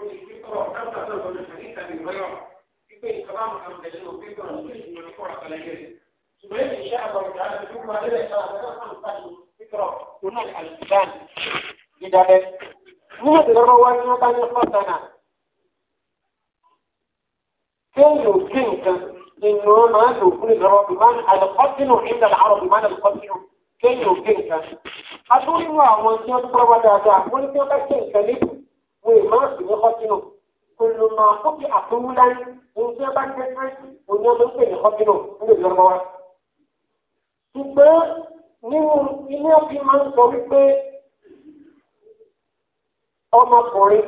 lórí pípọ̀ káńtà náà lọ́nà àníkà ní ìwọ́yọ̀ pípé ìkọ́lá àwọn àmọ̀tẹ̀lẹ́ ló pípọ̀ lórí ìmọ̀ nípa àkàlẹ́yẹ. ṣùgbọ́n èyí iṣẹ́ àbọ̀rọ̀dá ti fún wa lẹ́lẹ̀ sáà lọ́nà àmọ̀tẹ̀lẹ́ pípọ̀ lónà àlùfáàn dídábẹ́. ní ìdúró wá ní wọ́n bá ní fọ́tànà kéèyàn òkè nǹkan nínú máa lò fún ìdúró àlùkọ́sínú ìdàlà àrọ̀ ìmọ̀ àlùkọ́sínú kéèyàn nǹkan. a tó nínú àwọn tí wọ́n tó pẹ́ wá dáadáa wọ́n ní kí wọ́n bá ṣe nǹkan lébù ويمارس يخطنه كل ما قطع طولا وجبا كثرت ونوم كان يخطنه من الجربوات ṣùgbọ́n nínú ilé ọ̀fìn máa ń sọ wípé ọmọkùnrin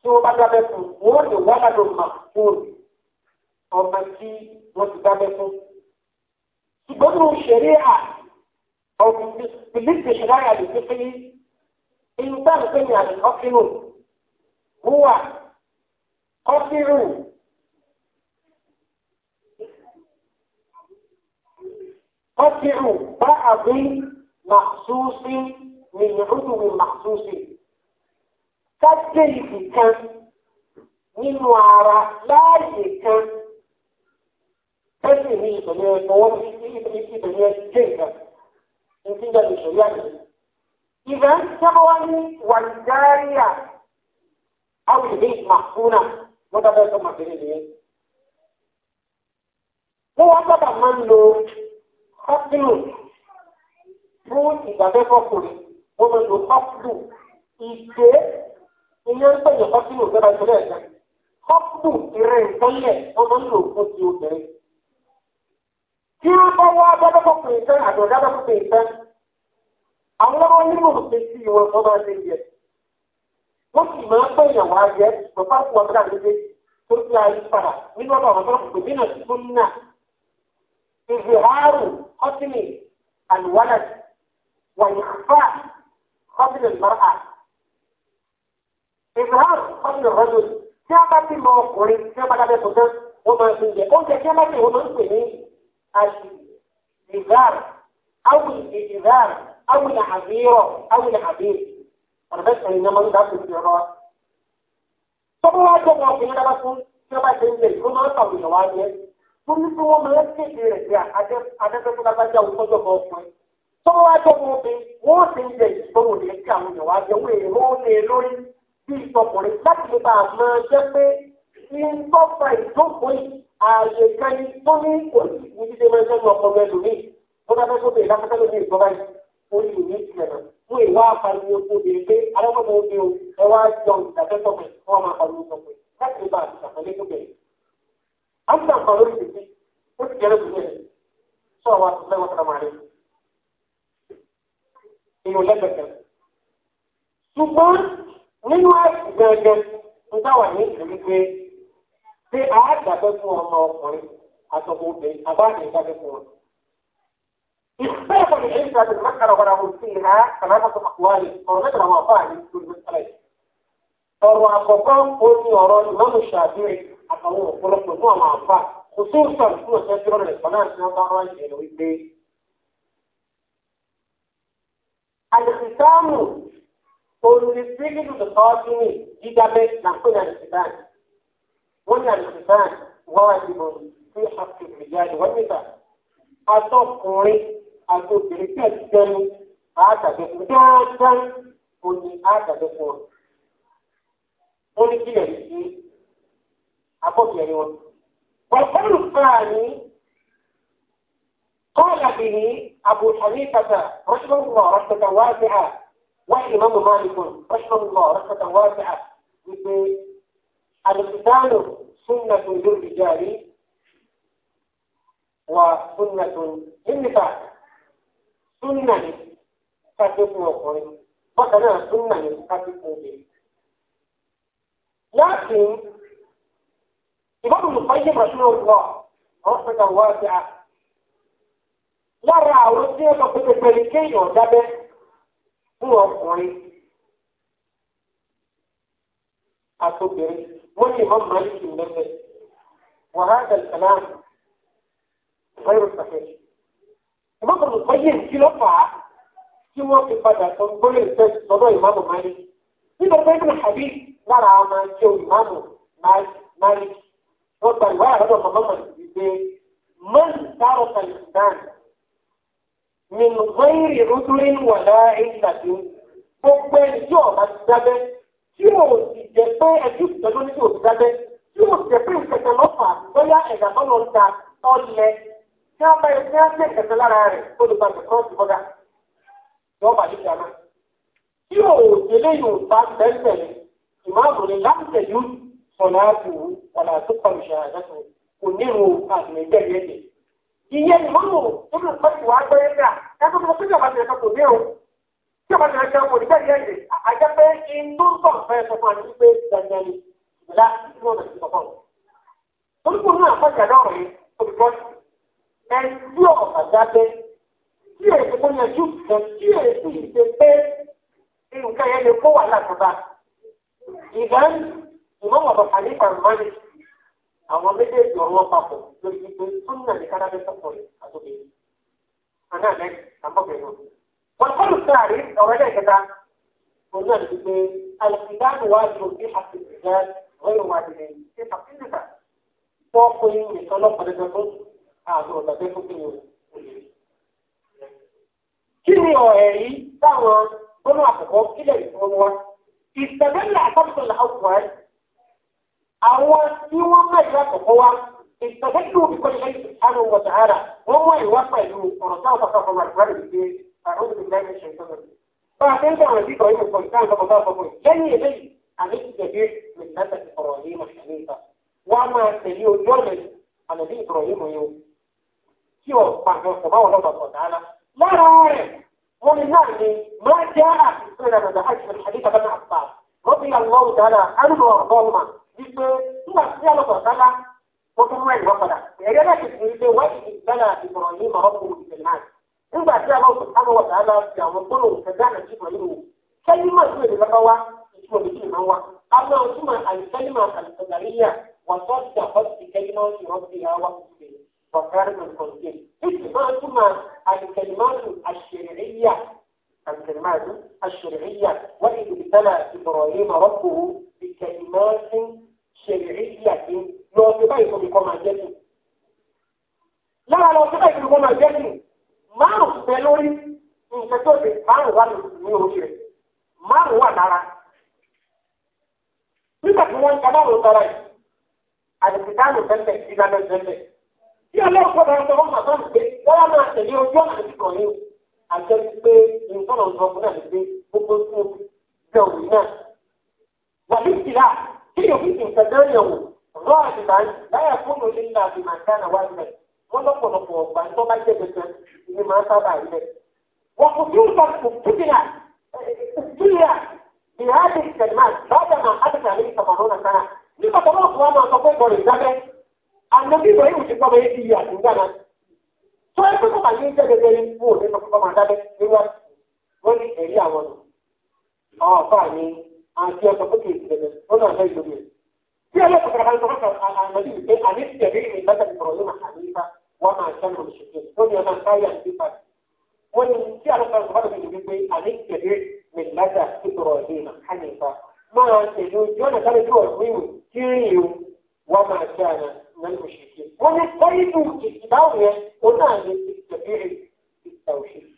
tí wọ́n bá dábẹ́ fún wọ́n lè wá ládùn màfún ọmọ tí wọ́n ti dábẹ́ fún. ṣùgbọ́n nínú ṣẹ̀rí à ọ̀gbìn pìlìtì ṣẹ̀dáyà lè fi إنسان كان يعني غفر هو غفر غفر بعض مخصوص من عضو مخصوص كالجلد كان من وراء لاي كان تسمي بنيه ووضع في بنيه جلد إنسان بشريانه إذا سبواني والجارية أو البيت محفونة متبقى ثم في هو sábà máa ń lo ọ́pìlù fún ìgbàfẹ́fọ́kùnrin wọ́n máa ń lo ọ́pìlù ìgbé iye ń pèyàn ọ́pìlù gbẹ́ra ìṣẹ̀lẹ̀ ẹ̀ka ọ́pìlù ìrẹ̀ ìtọ́lẹ̀ wọ́n máa ń lo fún ti obìnrin. tí wọ́n bá wá àwọn onímọ̀ ṣe sí wọn tó máa ṣe yẹ. wọ́n sì máa ń bẹ̀yẹ̀ wá yẹ bàbá àti wọn dáa lédè tó ti ayé padà nínú ọ̀dọ̀ àwọn tó kù nínú ìfún náà. ìfìhárù kọ́sìnì àlùwálẹ̀ wàyíkfà kọ́sìnì mọ́ra. ìfìhárù kọ́sìnì rọ́dọ̀ tí a bá ti mọ ọkùnrin tí a bá dábẹ́ tó tán wọ́n máa fi yẹ oúnjẹ tí a bá ti wọ́n máa ń pè ní àṣì ìdáàrù áwùjì ìdáàrù. أو العذير أو العذير أنا بس أنا ما نقدر في الجواب طب ما جمع في هذا بس كما تنزل كل مرة في الجواب كل سوى ما يكفي رجع أجل أجل كل ما جاء وصل جواب tó wá tó mú bí wọ́n ti ń jẹ ìṣòro ní kí àwọn èèyàn wá jẹ owó èrò lè lórí bí ìtọkùnrin láti lè bá a máa jẹ pé ìtọ́fà ìjókòó ààyè kan tó ní òṣìṣẹ́ máa ń sẹ́nu ọkọ̀ mẹ́lòmíì tó dábẹ́ tó bèèrè lápẹ́tẹ́ lórí ìjọba yìí orí ìwé ìtìlẹ̀nà fún ìwà àpariwo tó lè gbé arẹ́gbọ́dọ̀ omi o ẹ wá jọ ìdàkẹ́tọ̀pẹ̀ wọn máa pariwo tọ̀pẹ̀ láti lè bá ìṣàkọlé tó bẹ̀rẹ̀. a ń tàn kan lórí ìdíje ó ti jẹ́rẹ́ sílẹ̀ sọ àwọn àtúntò ẹ̀wọ̀n kan máa rí inú lẹ́gbẹ̀ẹ́ ṣùgbọ́n nínú àìsí gẹ́gẹ́ ń táwà ní ìlú wípé pé àádàfẹ́ fún ọmọ ọkùnrin àtọkùnrin àbáàdì بالنسبة للمسألة ولا هم فيها ثلاثة أقوال أو نقرأ وقاعد في المسألة ọ̀rọ̀ àkọ́kọ́ ó ní ọ̀rọ̀ ìmọ̀mù ṣàbírí àtàwọn ọ̀pọ̀lọpọ̀ fún àwọn àǹfà kò sí ìsọ̀rọ̀ fún ọ̀sẹ̀ tí ọ̀rọ̀ ẹ̀kọ́ náà ti wọ́n bá wáyé ẹ̀rọ wípé. àlùfíìsáàmù olùdíjírígì tòtọ́ sí ní dídábẹ́ làkúnyà àlùfíìsáàmù wọ́n ní àti obìnrin tí ẹ̀sìn jẹ́nu àádàgbé fún dáadáa ó ní àádàgbé fún wọn. wọ́n ní kílẹ̀ ní sí abọ́bìnrin ni wọn. wọ́pọ̀lù fúlàní قال به أبو حنيفة رحمه الله رحمة واسعة والإمام مالك رحمه الله رحمة واسعة القتال سنة للرجال وسنة للنساء súnmọ̀ ní káfí fún ọkùnrin bọ́kà náà súnmọ̀ ní káfí fún obìnrin. láti ìbọn olùkọ́ yé bàtúrò lọ àwọn fẹ́ta wá sí a. lára àwọn tí wọ́n lọ pé pẹ̀lú kéèyàn dábẹ́ fún ọkùnrin àtòbìnrin wọ́n ní ìmọ̀ màálìkì mẹ́fẹ̀ẹ́ wàhálà kàlám غير صحيح ìmọ̀mù nǹkan yìí kí ló fà á tí wọ́n fi padà sọ gbólé ìfẹ́ sọ́dọ̀ ìmọ̀mù mali nínú pé ní àbí lára àwọn máa jẹ́ ìmọ̀mù mali wọ́n gba ìwà àrọ́dọ̀ mọ̀mọ́mọ́ ìgbé mọ́n sáró kalistan nínú gbẹ́yìrì rúdúrí wàlá ìlàdí gbogbo ẹni tí ọ̀ma ti dábẹ́ tí mo sì jẹ́ pé ẹjú ìtọ́jú ní ti ò ti dábẹ́ tí mo sì jẹ́ pé ìfẹsẹ̀ lọ́fà bóyá ẹ̀dá tí wọ́n bá yẹ kí wọ́n lè kẹsẹ̀ lára rẹ̀ kó lè balẹ̀ kọ́ sí bọ́gà tí wọ́n bá yẹ kíá náà. tí òòjì eléyìí ò bá tẹ́tẹ̀lé ìmáàmù ni láti tẹ̀lé sọ̀nà àbùwù ọ̀nà tó kọ̀ ìṣẹ̀lẹ̀ kò ní ìrùn àtìlẹ́jẹ̀ yẹn ìyẹn ni mọ́nù tó lè pẹ́ ìwà agbẹ́rẹ́ náà ẹgbẹ́ tó tó ọba tẹ̀lé kò ní bẹ́ẹ̀ yẹn àjẹ́ pé kò ní àpọ̀jà ẹjú ọ̀gágbé tí èsì kò yanjú kan tí èsì ìṣe pé nǹkan yẹn lè kó wà látọ̀bà. ìgbàn ìmọ̀wọ̀ bàbá ní pàrọ̀mọ́lì àwọn méjèèjì ọ̀rọ̀ papọ̀ lórí ìgbé súnmọ́ ní kánábẹ́ sọ́kùnrin àtòkè. àná àlẹ́ àbọ̀bẹ̀rẹ̀ wọn kọ́lù sáàrí ọ̀rọ̀ ẹ̀dẹ̀ kẹta òun náà ti pé alùpùpù wájú bí àtìgbà rẹ̀ wájú ní ṣe tàbí nìkan tó àgbọ̀ tàbí fúnfún yìí o lè rí. kí ni ọ̀rẹ́ yìí táwọn gbọ́dọ̀ àkọ́kọ́ kílẹ̀ ìfowópamọ́ wa ìsẹ̀mẹ́lẹ̀ àtàkùn làwọn àwọn tí wọ́n mẹ́rin àkọ́kọ́ wa ìsẹ̀mẹ́lẹ̀ òbí kọ́ni lẹ́yìn subhanahu wa ta'ala wọ́n mọ ìwà pẹ̀lú ọ̀rọ̀ táwọn bá fọ́ ọmọ àgbà rẹ̀ pé àwọn olùdókòwò náà tí ọ̀ pàṣẹ sọ̀báwọ̀ lọ́dọ̀ sọ̀tàlá lára rẹ̀ wọ́n ní náà ni máa jẹ́ àti ìpínlẹ̀ nàìjíríà àti ìṣẹ̀lẹ̀ bẹ́ẹ̀ àpá lọ́bí àlọ́wọ̀ dáná arúgbó ọ̀dọ́ọ̀mà wípé nígbà tí a lọ́dọ̀ sọ̀tàlá mo tún mẹ́rin wọ́n padà ẹ̀rẹ́ náà ti fi ṣe wáyé ìgbàlá ìbọ̀rọ̀ yìí máa kú ìṣẹ̀lẹ̀ náà nígbà tí a lọ́dọ̀ sọ̀tàlá wọ̀ dáná ti àwọn gbọ́dọ̀ وفرم القرآن إجماعهما الكلمات الشرعية الكلمات الشرعية وإذ ابتلى إبراهيم ربه بكلمات شرعية يعتبر بكم عجل لا لا يعتبر بكم عجل ما بلوري نكتب ما هو نيوشي ما هو دارا nígbà tí wọ́n ń ta báwo tọrọ yìí àdìsí táàmù tẹ́lẹ̀ ìlànà tẹ́lẹ̀ tí ọlọ́pàá bá ń sọ fún bàbá mi pé wọ́n máa tẹ̀lé ojú ọ̀nà ìkọ̀ ni àjẹ́ pé ìfọ̀nà ń sọ fún náà pé gbogbo tí mo jẹ òun náà. wà ní ìsìlá tí yóò fi ti nǹkan náà yẹ̀wò rọ́ àdìmá láyà fún òní ńlá àdìmá dáná wá ilẹ̀ wọ́n lọ́pọ̀lọpọ̀ ọ̀gbà tó bá jẹ́ gẹ́gẹ́ ni máa sábà ilẹ̀. wọ́n kò tún sọ kò kíkìlá ìhádìí máa àgbẹ̀bí ìbọn ti gbọ́dọ̀ yéé yà tó gbàdá. tó ẹ pé kó màá yé jẹ́ gẹ́gẹ́ yín wò nínú kó máa dábẹ́ níwá wọ́n ní ẹ̀rí àwọn nù. àwọn ni àti ọ̀sán tó kéèké gẹ́gẹ́ wọ́n náà fẹ́ ìlú rẹ̀. bí ẹlẹ́kùnrin kan tó kọ́ àgbẹ̀bí ìgbé àní ti tẹ̀lé والمشركين ونستعيدوا اجتماعنا ونعمل بالتبعي بالتوحيد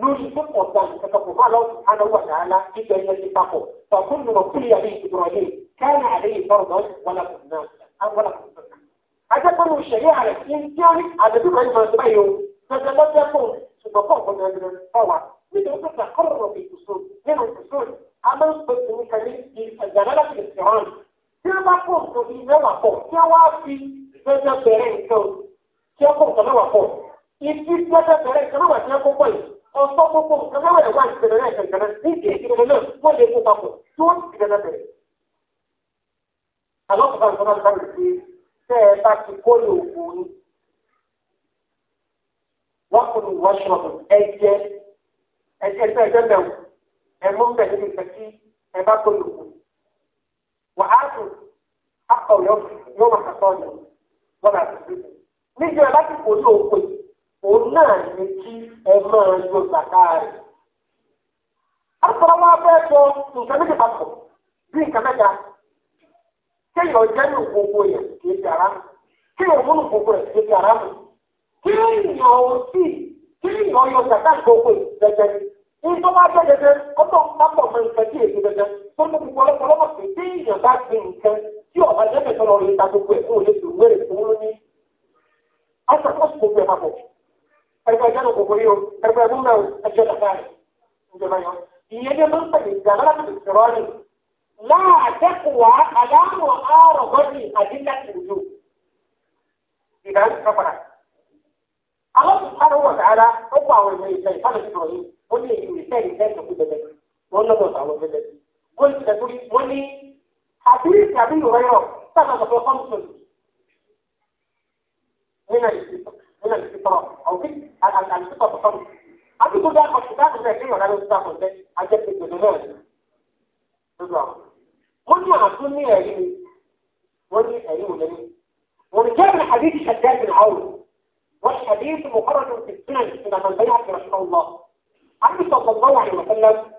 نريدكم وطن تتقوا الله سبحانه وتعالى في جنة التقوى فكل من كل عليه إبراهيم كان عليه فرضا ولكم ناسا ولكم سنة هذا كله الشريعة لكن كانت على ذكر ما تبين فتبدأ كان محمد إبراهيم قول لي ولسان ذلك في بدني وأنا بوضع وبدني قلت تقولي قول لي حديث أبي هريرة سبب في خمس من من الاستطراع أو في الأنشطة الخمس أبي كل ده مش بتاعه زي كده ولا أنا بتاعه زي عجبت الدنيا قلت يا عبدوني يا إيه وأنا إيه وأنا إيه وأنا جاي من حديث شداد بن عوف والحديث مخرج في السنن إلى من بيعك رسول الله عن صلى الله عليه وسلم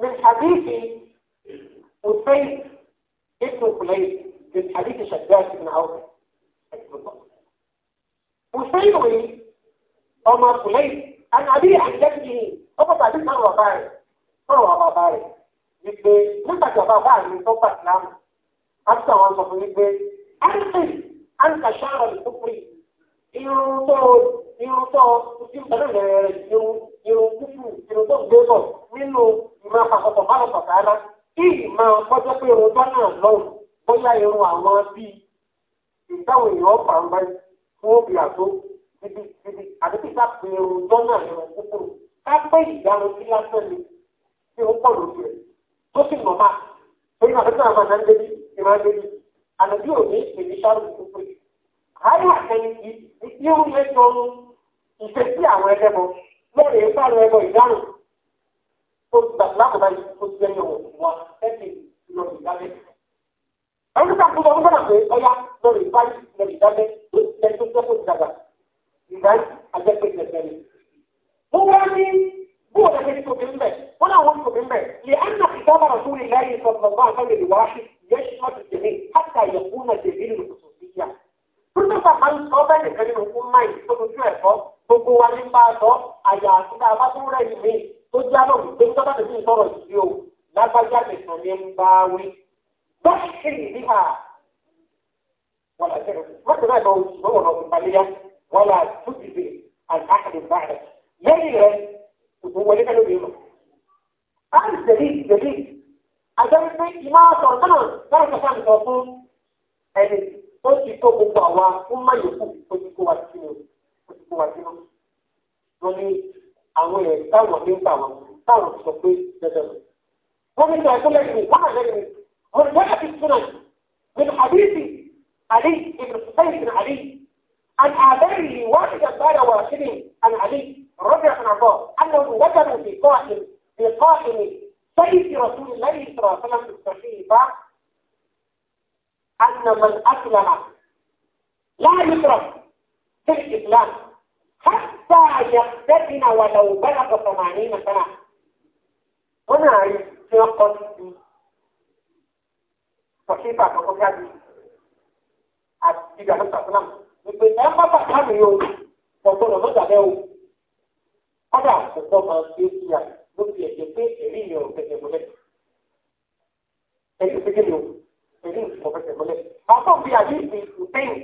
من حديث أسيد ابن كليب من حديث شداد بن عوف أسيد عمر كليب عن أبي عن جده فقط عدد أروى باري أروى باري مثل نتج بابا من صوت الإسلام àtúntà wọn sọ fún mi pé àǹtí àǹtà ṣáàrọ̀ lùkúrì irun tó irun tó ti ń bẹ̀rẹ̀ rẹ̀ irun irun kúkú irun tó gbé bọ̀ nínú ìmọ̀ àpapọ̀ bá lọ sọ̀tà ara kí ìmọ̀ ọjọ́ pé irun tó náà lọ́wọ́ bóyá irun àwọn bíi ìdáhùn èèyàn ọ̀pá ń báyìí fún òbí àtó bíbí bíbí àti kíkà pé irun náà irun kúkú ká ìyanu sí lásán ni tí ó pọ̀ lóṣù rẹ̀ tó sì mọ̀ máa torí àti tí àwọn ìmọ̀lẹ́lì ànàbí òní èdè sáàrù gbogbo yìí. àyà àtẹnìkì irú lè tó ìṣe sí àwọn ẹlẹ́bọ lẹ́rẹ̀ ẹ̀fọ́ àwọn ẹbọ ìdáhùn tó gbà lákòóbá yìí tó ti ẹyọ wọn ẹ̀sìn lọ ìdábẹ́. àwọn tó sàkóso ọdún gbọ́dọ̀ pé ọyá lọ́rọ̀ ìbáyìí lọ ìdábẹ́ tó ti ẹ tó tẹ́kọ̀ọ́ ìdàgbà ìbáyìí ajẹ́pẹ́ ìdẹ̀fẹ́ ni. wọ́n wá ní هو ده اللي يكتب منبه ولا هو يكتب منبه لأن كتاب رسول الله صلى الله عليه وسلم الواحد يشمل الجميع حتى يكون دليل الخصوصية كل ما قال صوبة لكن الأمة يكتبوا شو يكتب gbogbo wa ní bá a sọ àyà àti náà bá tún rẹ̀ mí tó já lọ wípé sábà tó ń sọ̀rọ̀ yìí o lágbájá nìkan ní ń bá wí. bẹ́ẹ̀ ṣe lè ní à wọ́n lọ sẹ́nu mọ́tò náà lọ wọ́n wọ̀ lọ́kùnrin balẹ̀ yá wọ́n lọ àtúntì bẹ́ẹ̀ àti àkàdé bá rẹ̀ lẹ́yìn rẹ̀ kò wọlé kẹ́lẹ́ mi lọ. Báyìí tẹ̀lé ìtẹ̀lé àjọyọ̀ pé ìmọ̀ ọ̀tọ̀ náà láì sọ fún àtọ̀ fún ẹni tó ti tó gbogbo àwa fún máyòókù tó ti kó wa sínú tó ti kó wa sínú. Wọ́n ní àwọn ẹ̀ táwọn ní gbà wọn táwọn sọ pé dandan lọ. Wọ́n ní ìgbà ìkúlẹ̀ ìlú wọ́n àlẹ́ ìlú wọ́n ní wọ́n ti túnà من حديث علي بن حسين بن علي عن آبائه واحدا بعد واحد عن علي رضي عن عباس أنهم وجدوا في قائم في قائم سيد رسول الله صلى الله عليه وسلم الصحيفة أن من أسلم لا يترك في الإسلام حتى يختتن ولو بلغ ثمانين سنة هنا عرفت في صحيفة تقول هذه àti ìgbà tó sàtúnà ìpè ẹ bá bàtà mi o kọ́dà àkókò máa gbé sí à ló fi ẹ̀jẹ̀ pé èrí mi ò fẹsẹ̀ mọ́lẹ̀. ẹ̀rí ìfẹ́jẹ̀ mi ò èrí mi ò fẹsẹ̀ mọ́lẹ̀. àtọ́ bí àbí ìdí ìtẹ́yìn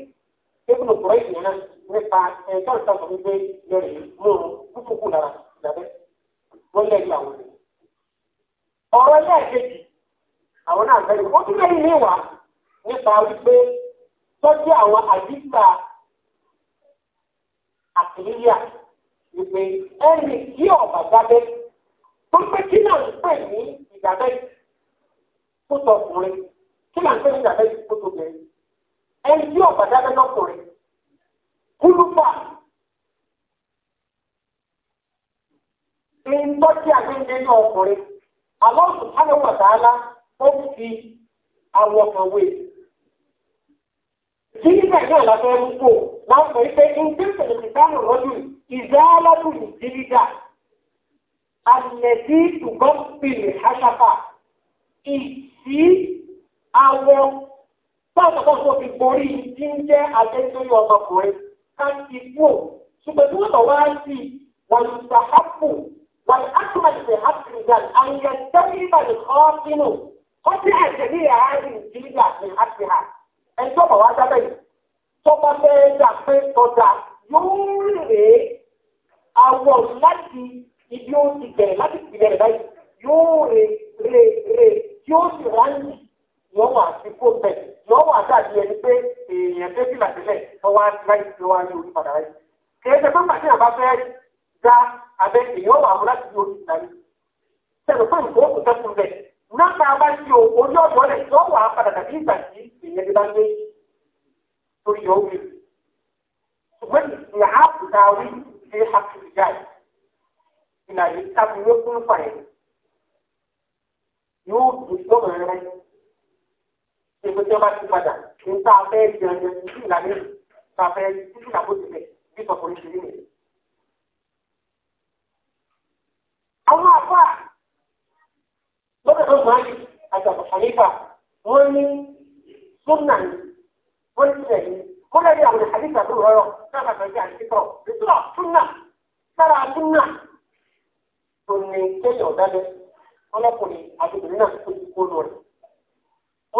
ébùnú kùrọ̀ ìdìyàn náà nípa ẹ̀jọ́ ìtàkùn gbígbé lórí mú un kúkú lára ìdàbẹ́ wọ́n lẹ́yìn àwọn ọ̀rẹ́. ọ̀rọ̀ ẹlẹ́ẹ̀kejì àwọn náà bẹ̀rẹ̀ ó tún lẹ́yìn ní ìwà nípa wípé tọ́jú àwọn àdìsá àtìlíyà wípé ẹni tí ọ̀bà jáde tó pé kí náà ń pè ní ìdàbẹ́ tó tọ ọkùnrin kí náà ń pè ní ìdàbẹ́ tó tó bẹ̀rẹ̀ ẹni tí ọ̀bà jáde lọ́kùnrin kúlúfà ní tọ́jú àgbéǹde ní ọkùnrin àmọ́ sùpánì wàtàlá ó fi àwọn kan wé tí nígbà náà lábẹ́ ń kó láǹfẹ̀ẹ́ pé ní tí ìṣẹ̀lẹ̀ ìdáhùn lọ́dún yìí. إزالة الزلدة التي تغطي الحشفة ìsí àwọn pàtàkọ́sọ́ fi borí tí ń jẹ́ àjẹ́sórí ọmọkùnrin káàkì fún ṣùgbọ́n tí wọ́n lọ wá sí wọ́n ìsàhápù wọ́n ákùnmọ̀lẹ̀ àfìrìgàn àyẹ̀ tẹ́lifàlẹ̀ ọ́ọ́sínú ó ti àjẹ́ ní àárín ìdílé àti àfihà ẹjọ́ bọ̀ wá dábẹ́ yìí tó bá fẹ́ dà pé tọ́jà yóò rèé àwọ̀ láti ibi ó ti bẹ̀rẹ̀ láti ìbẹ̀rẹ̀ báyìí yóò re re re tí ó sì ráyè wọ́n wà sí kó bẹ̀ wọ́n wà dàbí ẹni pé èèyàn fẹ́ fìlà sílẹ̀ wọ́n wá láì tí wọ́n ní orí padà ráyè. kèéṣe pé pàṣẹ àbá fẹ́ da abẹ èèyàn wà mú láti di orí ìdarí. sẹ́nu fún ìfowó kò sẹ́kùn bẹ̀ náà tá a bá ṣe ojú ọ̀dọ́ rẹ̀ tí wọ́n wà á padà tàbí ìgbà tí èèyàn ti bá gbé torí ọ̀hún. ṣùgbọ́n ìyá àbùdá wí في حق الرجال إن الكتاب يكون فاعل yóò dùn sọ́kàn rẹ̀ ṣètò tí wọ́n bá ti padà ní tá a fẹ́ jẹun jẹun títí ìlànà èlò tá a fẹ́ títí ìlànà òtítẹ̀ bí sọkùnrin ṣe rí nìyẹn. àwọn àfà lọ́dọ̀ tó máa ń àjàkọ̀ ṣàlífà wọ́n ní súnà wọ́n ti rẹ̀ ní kọ́lá rí àwọn àdìsá tó tó jẹ́ àdìsítọ̀ ìtura túnà sára túnà ti kó lọ rẹ̀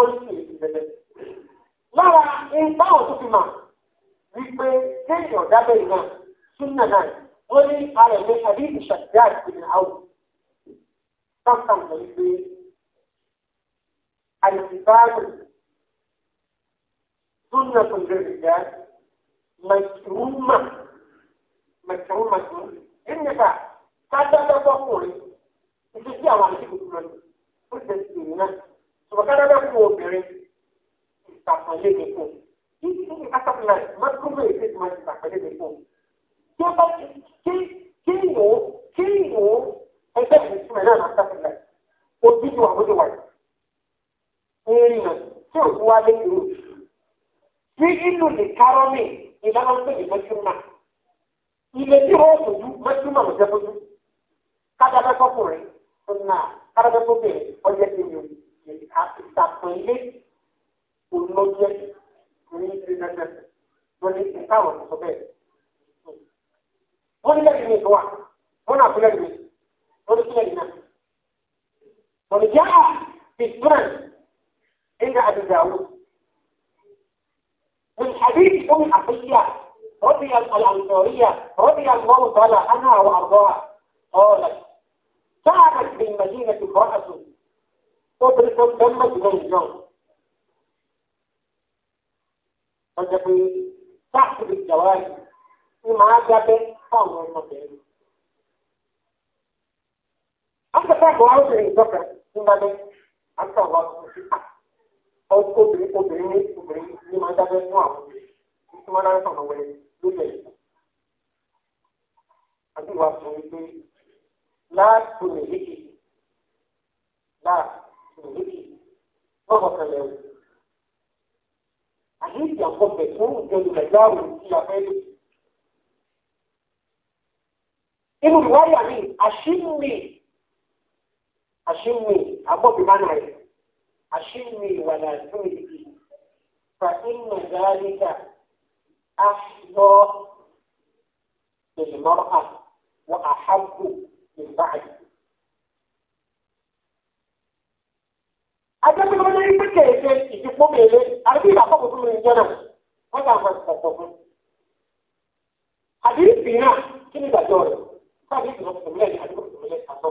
ó lára ìbáwọ̀ tó fi mà wípé kéèyàn dábẹ́ ìran túnà náà wọ́n ní ara ẹ̀mí àbí ìṣàdá ìpínlẹ̀ àwọn sáńsàn lọ wípé àdìsí سنة الرجال مكرومة مكرومة النساء كذا تقولي ìṣesí àwọn àti ìgbìmọ̀ ní ó ṣe sì ní náà ṣùgbọ́n kánáà náà fún obìnrin ìṣàpọ̀lé mi fún kí kí asàpìlà mọ́tòmọ́ èdè tí wọ́n ti ṣàpọ̀lé mi fún kí ó bá kí kí ìwò kí ìwò ẹgbẹ́ ìṣúná náà máa ṣàpìlà ojú ju àbójú wáyé ń rìn náà tí òkú wá lé kúrò bí inú lè kárọ́ mi ìlànà tó lè mẹ́tú mà ilé tí wọ́n fojú mẹ́tú mà lọ́jọ́ fojú kájà bẹ́ kọ́kùnrin ọ̀nà kájà bẹ́ kọ́kùnrin ọjọ́ tí mi ò ìtàkùn ilé olóyè ní ìdílé náà wọ́n ní ìtàwọn ọ̀sọ̀ bẹ́ẹ̀ wọ́n ní lẹ́yìn nìkan wà wọ́n náà fún lẹ́yìn wọ́n ní kílẹ̀ nìkan wọ́n ní jẹ́ àà bìtúrẹ̀ من حديث رضي الأنصارية رضي الله تعالى عنها وأرضاها قالت كانت المدينة امرأة تدرك الدم بغير زوج فتقول تحت بالجواز ما جاب قوم المدينة أنت تعرف عاوز إيه بكرة إما أنت غلط obìnrin obìnrin ní obìnrin ní máa ń dábẹ́ fún àwọn obìnrin ní tí wọ́n dábẹ́ fún àwọn obìnrin lóde ìlú. àti ìwà fún mi pé láàtò lè lékè láàtò lè lékè lọ́kọ̀ kan lẹ́wọ̀. àyè ìdí àkọ́bẹ̀ tó ń jẹ ìgbà láàrú sí abẹ́lé. inú ìwádìí àmì àṣìmì àṣìmì àgbọ̀bí máa nà rẹ̀. عشرني ولا تهلكي فإن ذلك أحظى للمرأة وأحب للبعد Adébí ló ní ibi kèéké ìdìbò mèlé, àbí ìdàpọ̀ tuntun ní ìjọ náà, wọ́n kà máa sọ̀tọ̀ fún. Àbí ìpì náà kí ni ìdájọ́ rẹ̀? Káàdì ìdìbò tuntun mẹ́rin àdìbò tuntun mẹ́rin àtọ́.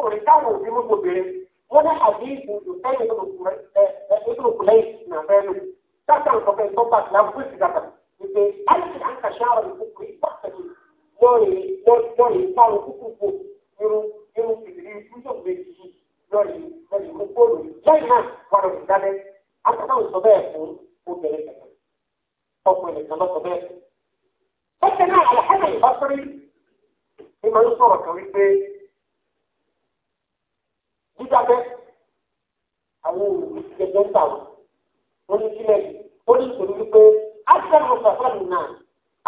ọkùnrin táwọn òbí mú obìnrin wọ́n ní àdéhùn ìfẹ́yìn ìdókòlẹ́yìn nàfẹ́ lò sáfẹ́ ìfọ̀kẹ́ ìfọ̀kà láàbù tó ti dàgbà wípé àìsí àǹkà ṣáàrọ̀ ìkókò ìpàkẹ́yìn lọ́ọ̀rì lọ́ọ̀rì ìpàrọ̀ kúkúkú irun irun fìdí ìfúnjọ̀gbẹ́ yìí lọ́ọ̀rì lọ́ọ̀rì kókó lò lẹ́yìn náà wọ́n rọ̀ ìdálẹ́ àtàkùn sọ bẹ́ẹ̀ fún obìnrin kẹ̀kẹ́ ọkùnrin kan lọ́sọ bẹ́ẹ̀. bẹ́ẹ̀ náà àlàkà dídábẹ́ àwọn òògùn gẹ́gẹ́ ń tà wọ́n wọ́n ní sílẹ̀ ó ní ìṣòro wípé áṣíwájú ọ̀sàfà mi náà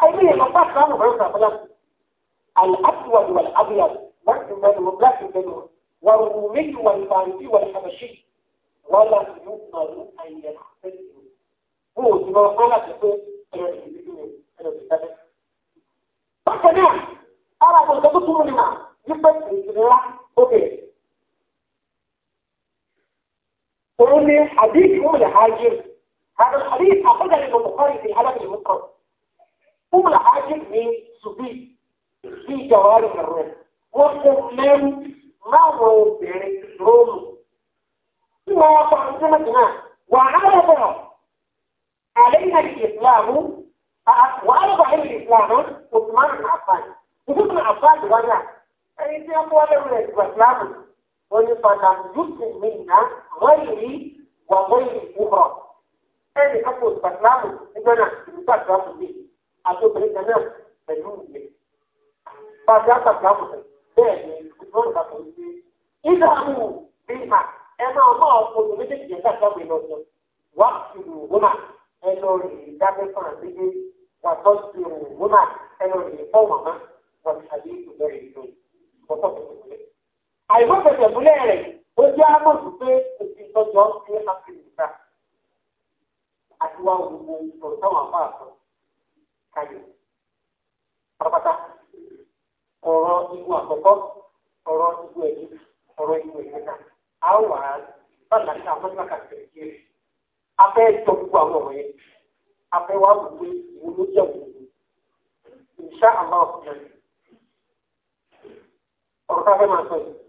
àìlè yẹn lọ́pọ̀ àṣà ọ̀nà ọ̀rọ̀ ọ̀sàfà mi àlẹ́ àtiwájú wà lábúyà wọ́n ti mẹ́nu wọn láti mẹ́nu wọn wọ́n wù méjì wà ní bàǹtí wà ní àbẹ̀ṣí wọ́n láti yóò máa ló àyè Wọ́n ò sì máa fọ́ láti pé ẹ̀rọ ìdílé ẹ̀rọ ìdájọ́. تقول لي حديث أم الحاجب هذا الحديث أخذها من البخاري في الأدب المنكر أم الحاجب من سبيل في جوارح الروم وقمن ما هو روم وفعلتمتنا وعرض علينا الإسلام وعرض علينا الإسلام عثمان بن عفان وابن عفان وجه أي يعني شيء أقوى له الإسلام wọ́n ní fàlàmù yóò mi nà wọ́n yìí wà wọ́n yìí wúrọ̀. ẹnì kan kò gbàgbàmù nígbà náà ìlú gbàgbàmù mi àti obìnrin kan náà pẹ̀lú mi. bàbá gbàgbàmù bẹ́ẹ̀ ni ìgbọ́n gbàgbọ́ sí. ìdá mú bí mà ẹ máa mọ ọkùnrin méjèèjì yẹn gbàgbàmù lọ sọ. wà á fi rò wọ́n mà ẹ lọ rí i dábẹ́ fún àgbégbé wà á tọ́ sí rò wọ́n mà ẹ lọ rí i fọ́ màmá wà á tàbí ìgbẹ́ àìmọ́fẹsẹ̀ múlẹ̀ rẹ̀ ó jẹ́ àmọ̀tò pé òfin tọ́jọ́ ṣe àfihàn àti wá gbogbo ìṣòro táwọn àpá àtọ̀ kalẹ̀ pátápátá ọ̀rọ̀ ibu àkọ́kọ́ ọ̀rọ̀ ibu ẹ̀yìn ọ̀rọ̀ ibu ìmẹ́ta a wà á bàtà sí àfọ́sílà kàkiri kiri a fẹ́ jọ gbogbo àwọn ọ̀rọ̀ yẹn a fẹ́ gbogbo ìwé ló jẹ́ òwúrò ìṣá àmọ́ ọ̀sẹ̀ ọ̀rọ̀ tá máa sọ yìí.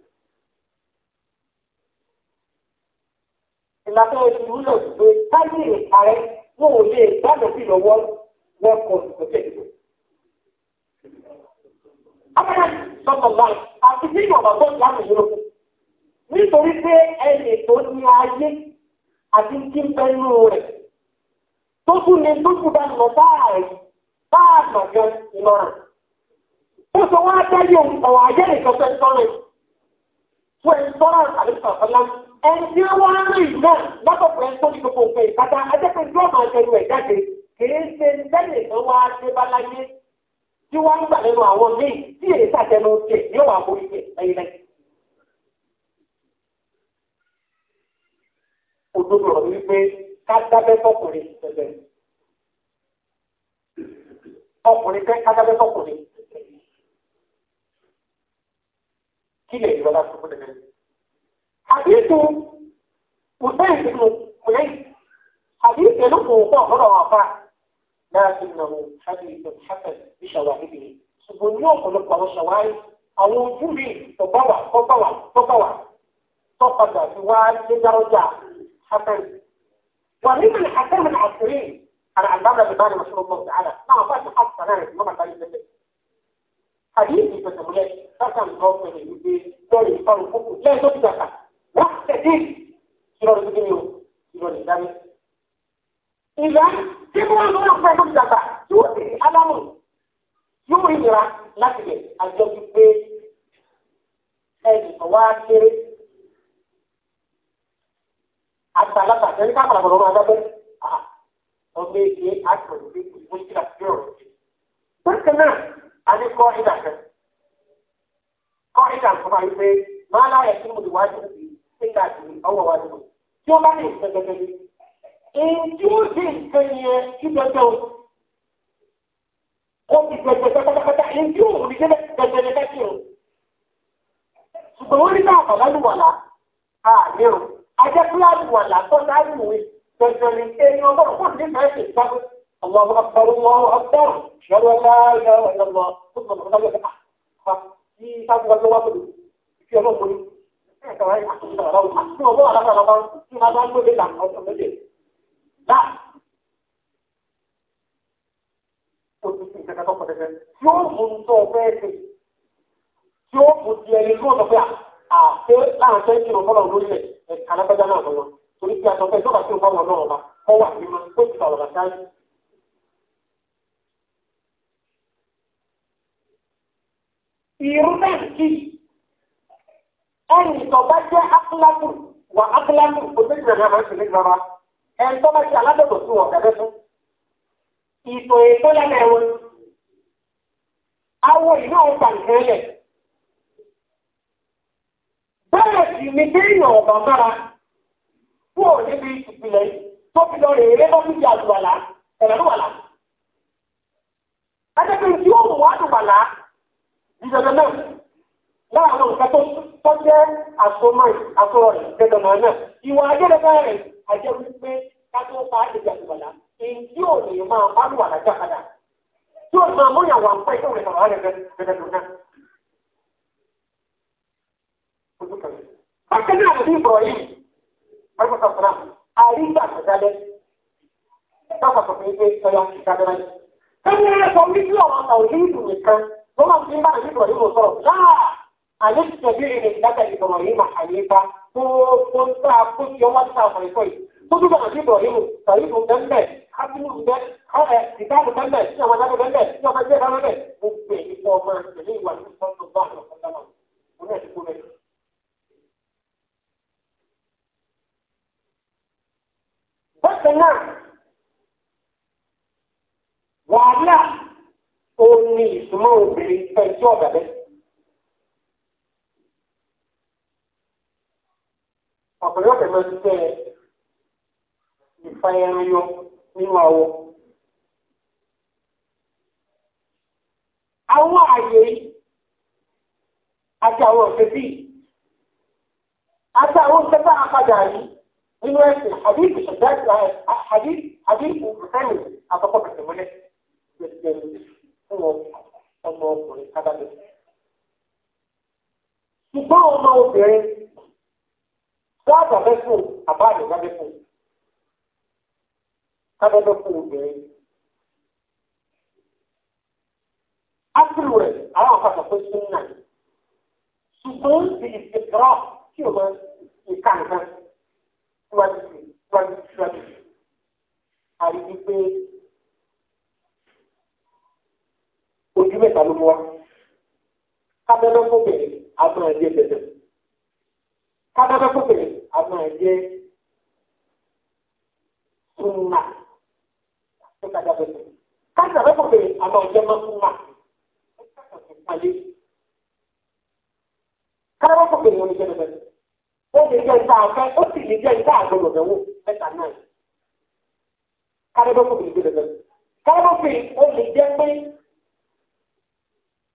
ìlànà ìṣòro náà gbé táyé ìparẹ́ wọn ò lè gbádùn sí lọ́wọ́ wọn kọ ìgbésẹ̀ ìdìbò. Abẹ́rẹ́ sọ̀tọ̀ báyìí àti bí ìwọ̀n bàbá ìyá mi yóò fún. Nítorí pé ẹnì tó ní ayé àti tí ń bẹ nínú rẹ̀ tó tún ní tó tún bá lọ báàrí báàmọ̀ gan ìlọrin. Ó sọ wá dáyé òun ọ̀wọ̀ ayé nìkan fẹ́ sọ́rọ̀ fún ẹni tọ́lá àlejò ọ̀la ẹni tí ó wọ́n rí náà lọ́tọ̀ fún ẹni tó ní gbogbo òfin ìpátá ajẹ́pẹ́ tí wọ́n máa jẹrù ẹ̀ jáde kìí ṣe sẹ́lẹ̀ tó wá dé báláyé tí wọ́n ń gbà nínú àwọn míì tí èyí sàtẹnu tiẹ̀ yóò wà borí tiẹ̀ lẹ́yìn lẹ́yìn. Ọkùnrin fẹ́ ká dábẹ́ هي اللي بدأت كل ده حديثه مساعد ابن منيس حديث يلقه وظاهر وعفاء لكنه حديث حسن بشواهده سبنوه لقى وشواهد أو وجودي تطوع تطوع تطوع تطوع في واد لدرجة حسن ولمن حكم العصرين العلامة الإمام رحمه الله تعالى ما فات حتى لا يسمى ذلك àdéhùn ìfẹsẹ̀múlẹ̀ sákàn lọ pẹ̀lú ìwé lórí ìfarun kókò lẹ́yìn tó ti dàgbà wá tẹ̀lé ìrọ̀ ìdílé o ìrọ̀ ìdáni. ìyá tí wọ́n lọ́wọ́ pẹ̀lú tó ti dàgbà tí wọ́n ti alámù yóò rí ìnira láti lẹ̀ àjọ ti pé ẹnì kan wá kéré. àtàlàtà tẹ̀lé káàkiri àbọ̀rọ̀ ọ̀rọ̀ adágbé ọ̀gbẹ́ ìgbé àtàlàtà alẹ́ kọ́ ìdà kan kọ́ ìdà kan máa ń pé máa láyà sí mòdì wájú bí nígbà tí ọwọ́ wájú mọ̀ tí ó bá lè sọ gẹ́gẹ́ bí ìdí ó sì ń pè yẹn kí gbẹgbẹ́ o ó fi gbẹgbẹ́ pátápátá ìdí ó rí gbẹgbẹ́ gẹ́gẹ́ bí o ṣùgbọ́n ó rí náà bàbá lù wàlá àmì o ajẹ́ fúlàlù wàlá tó dáhùn ìwé gbẹgbẹ́ ni èèyàn ọgọ́rùn-ún kò ní الله أكبر الله أكبر أشهد أن لا إله إلا الله ثم الغنى يفتح في ساعة غزة واصل في يوم قولي لا tí ó mú tó fẹ́ ṣe tí ó mú ti ẹni ló sọ pé àṣẹ láàṣẹ kí òun bọ́lọ̀ lórí ẹ̀ ẹ̀ka alágbájá náà lọ́wọ́ torí pé aṣọ fẹ́ ìjọba tí òun bọ́lọ̀ náà wà kọ́ wà nínú pé ìgbà ọ̀rọ̀ àṣáájú ìrúbẹ̀ kí ẹnì tó bá jẹ́ akíláàmù wà akíláàmù òṣèlú ìrẹ̀lẹ̀ rẹ̀ sì ní ìrọ̀rọ̀ ẹni tó bá jẹ́ alábẹ̀bọ̀ sí wọn kẹ́kẹ́ fún ìtò ètò lẹ́nu ẹ̀wọ̀n awo ìlú àwọn pàǹkẹ́ lẹ̀ bẹ́ẹ̀ sì ni déèyàn ọ̀bà mára fún òní bí ìpìlẹ̀ tó fi lọ rèé lẹ́gbẹ́ fún ìjà àdùbàlà ẹ̀rọ àdùbàlà. Adébíyí tí ó mú àdùbàlà ìjọba náà láàárọ̀ nǹkan tó tó jẹ́ àsomọ́ àsọ̀rọ̀ ìgbẹ́dọ̀mọ̀ náà ìwà ajẹ́dọ̀mọ̀ rẹ̀ ajẹ́ wípé kájọ́ pa ìjà ìgbàlá èyí ò lè máa bá lù àlájá padà tí ó máa múyàn wà ń pẹ́ tó lè sọ̀rọ̀ rẹ̀ gẹ́gẹ́dọ̀ náà. Bákan náà ní ìbọ̀ yìí, ọjọ́ sọ̀tún náà, pé ọyọ́ ìdádọ́rẹ́. Kẹ́mi rẹ̀ sọ wípé ọ̀rọ̀ ثم في بعد إبراهيم وصرف لا أليس تبيعي ملة إبراهيم حنيفا كنت أقول يوم السابع كوي كنت بعد إبراهيم طريق مدمر حبل مدمر كتاب مدمر يوم أنا مدمر يوم أنا مدمر مبين يوم أنا مدمر والمصطفى الله وسلم هنا تكون بس الناس وعلى ó ní ìsúnmọ́ obìnrin pẹ̀lú tí ọ̀pọ̀lọpọ̀ máa ti tẹ́ ìfàyẹ̀rìnyọ nínú àwọ̀. Àwọn ààyè àti àwọn òṣèlú àti àwọn yìí nínú ẹ̀sìn fún ọmọ ọkùnrin kábàdé. ṣùgbọ́n ọmọ obìnrin dáàbà fẹ́ fún àbá àdìgbà fún kábàdé fún obìnrin. Ásìlù rẹ̀ àwọn àpapọ̀ pé sún náà. Ṣùgbọ́n ti ìṣèkọ́rọ̀ tí o máa ń kà nǹkan síwájú sí síwájú sí. Àrídí pé ojú mẹ́ta ló mú wa kábẹ́lẹ́ fóbìnrin a máa jẹ tẹ̀tẹ̀ kábẹ́lẹ́ fóbìnrin a máa jẹ sunna kájà bẹ̀rẹ̀ kábẹ́lẹ́ fóbìnrin a máa jẹ masunna kábẹ́lẹ́ fóbìnrin wọn ni jẹ́ tẹ̀tẹ̀ ó lè jẹ́ ó sì lè jẹ́ àgbọ̀dọ̀ mẹ́wò mẹ́ta náà ó lè jẹ́ pé.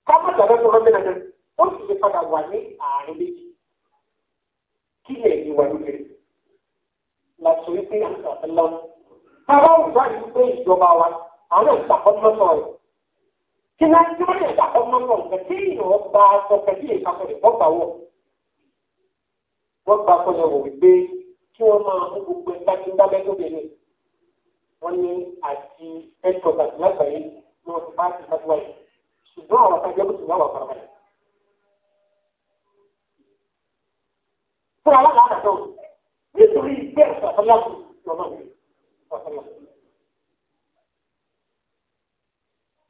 kábọ̀ ìdàgbẹ́ tó rọ́ bẹ́ẹ̀ ó sì lè padà wà ní àárín méjì kí lè ní wà lókè láti wípé àtàlọ́ bàbá òwúrọ̀ yìí pé ìjọba wa àwọn ìṣàkọ́mọ́sọ̀ rẹ̀ kí náà tí wọ́n lè ṣàkọ́mọ́sọ̀ nǹkan tí èèyàn bá aṣọ kẹbí ìṣàkọ́ rẹ̀ wọ́n gbà wọ̀ wọ́n gbà fọyọ̀ wò wípé kí wọ́n máa mú gbogbo ẹ̀ka tí ń dábẹ́ tó bẹ̀rẹ̀ wọ́n ní àti ẹ̀kọ́ tàbí lágbàáyé ni wọ́n ti bá ti ṣàkóso ṣùgbọ́n àwọn kan jẹ́ bó ti wá wà fara balẹ̀. fún àwọn kan nítorí ìgbẹ́ ìṣàkóyá tó lọ́nà ìṣàkóyá.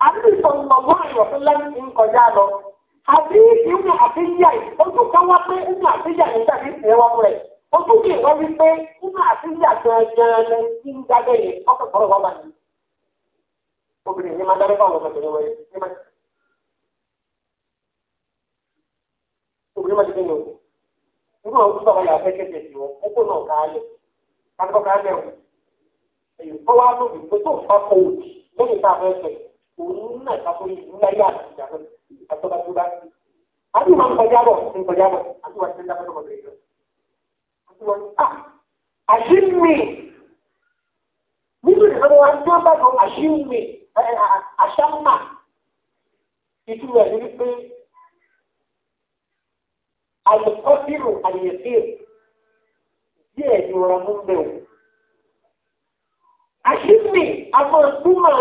àbí ìsọ̀nà wọ́n àyọ̀fẹ́ ń kọjá lọ àbí ìwé àfíyà yìí ó tún ká wá pé ìwé àfíyà yìí dàbí ìṣẹ́ wá pẹ́ ó tún kí ìwọ́n wí pé ìwé àfíyà gan-an ní ń dábẹ́ yìí ọ̀pẹ̀ kọ́rọ̀ wá bá obìnrin ní máa dábẹ́ fáwọn ọmọ tẹ̀lé wọlé ní máa òbí máa ti fi nù. Nígbà wọn kúta ọ̀la fẹ́ kẹ́kẹ́ sí wọn, kókó náà ká lẹ̀. Akọ́ ká lẹ̀ wò. Èyí tó tó fà kó òdì lórí tá a fẹ́ fẹ́. Òun náà ká tó yí láyé àtijọ́ àtọ́gbàtúgbà. Àti wọn kọjá bọ̀ ń kọjá bọ̀ àti wọn ti ń dábẹ́ lọ́kọ̀ bẹ̀rẹ̀ Àṣìmì nínú ìfẹ́ wa tí wọ́n bá lọ àṣìmì àṣàmà ìtumọ̀ ẹ̀ ní pé àlùkọ́sírù àyèfíè díẹ̀ ni wọ́n mú bẹ́ẹ̀ o. àṣìṣe àwọn ìgbìmọ̀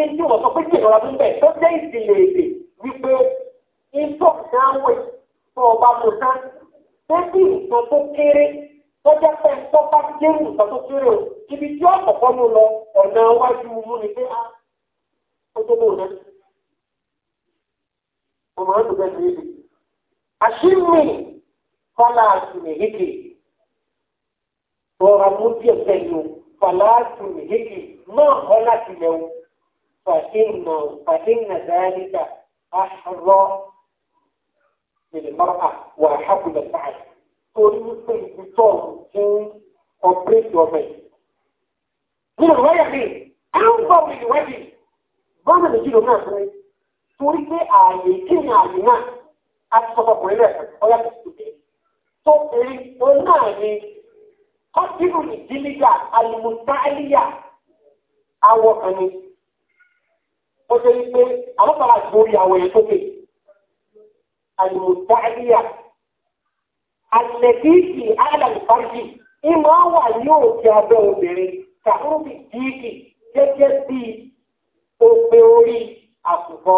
inú ọ̀sán pé díẹ̀ wọ́n mú bẹ́ẹ̀ tó jẹ́ ìsìlẹ̀ èdè wípé ìtọ́ ìdáwẹ̀ tó ọba mú ná tẹ́bí nǹkan tó kéré tó jẹ́ pé tó bá jẹ́rù nǹkan tó kéré o ibi tí ọ̀kọ̀ọ̀kan ló lọ ọ̀nà iwájú mú ni pé á ah, ó tó lóun náà. mo máa ń dùn bẹ́ẹ̀ Ashimi fala tunihiki. Bora muti sẹ́yìn fala tunihiki máa họ́lá tilẹ̀ o. Fàhínà fàhínà dáríkà àṣọ ìlmọ́ra wà hábùlẹ̀ báyìí. Torí wípé ìtọ́ ti ń ọ̀pẹ́tì ọmọ yìí. Nínú ìwáyà mi, a ń bọ̀ wí ìwádìí. Bọ́ọ̀nà méjì ló náà fún mi àti sọ̀tọ̀kùnrin rẹ̀ ọ̀yà tó ti tẹ̀. tó bèrè tó náà ni kọ́tìrù ìdílígà alimutáìlíyà awọ kan ni. ó ṣe wípé àwọn kan láti borí àwọn èèyàn sókè. alimutáìlíyà alẹ́díìkì alàlùfáàjì ìmọ̀ wà ní òkè abẹ́ obìnrin kàrúbì díìkì gẹ́gẹ́ bí òpè orí àkùkọ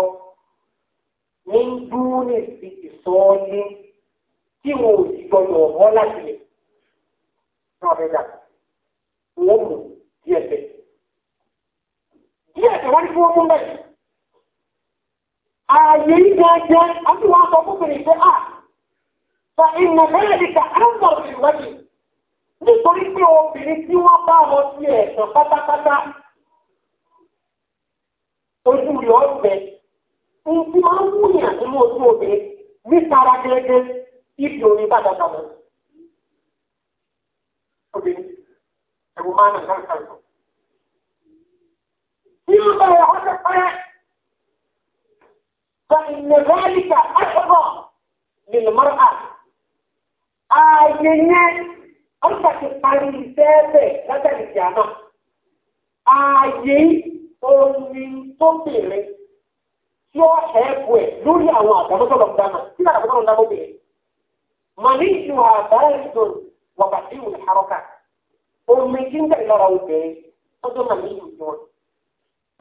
ní dúró sí ìsọ́ọ́lé tí wọn ò sì gbọdọ̀ ọ̀họ́ láti lè. Náà bẹ́ẹ̀ dà, wọ́n mú díẹ̀ bẹ́ẹ̀. Díẹ̀ bẹ́ẹ̀ wọ́n ní kí wọ́n mú bẹ́ẹ̀. Ààyè ìdájẹ́ àti wọn sọ fún bèrè pé à fa ìmọ̀ bẹ́ẹ̀ ni kà á ń bọ̀ sí ìwádìí. Nítorí pé obìnrin tí wọ́n bá wọn sí ẹ̀sán pátápátá, ojú rẹ̀ ọ̀gbẹ́. Nti máa ń wúyàn nínú ojú obìnrin ní sára gẹ́gẹ́ ibi orin bá dáadáa mọ́. Obìnrin, ẹ̀wọ̀n máa nà náà sàn. Nínú bẹ̀rẹ̀ wọ́n ti pẹ́. فإن ذلك أحظى للمرأة. Ààyè yẹn, ọ̀sà ti parí sẹ́ẹ̀bẹ̀ látàrí ìjà náà. Ààyè orin tó bèrè. tí ó ṣẹ́ẹ̀kù ẹ̀ lórí àwọn àtàkọ́sọ̀rọ̀ dáná tí àtàkọ́sọ̀rọ̀ dáná bẹ̀rẹ̀. màní ju àbáyé sùn wàkàtí ìwé àrọ́kà omi tí ń bẹ̀rẹ̀ lọ́ra obìnrin ọjọ́ màní ìlú wọn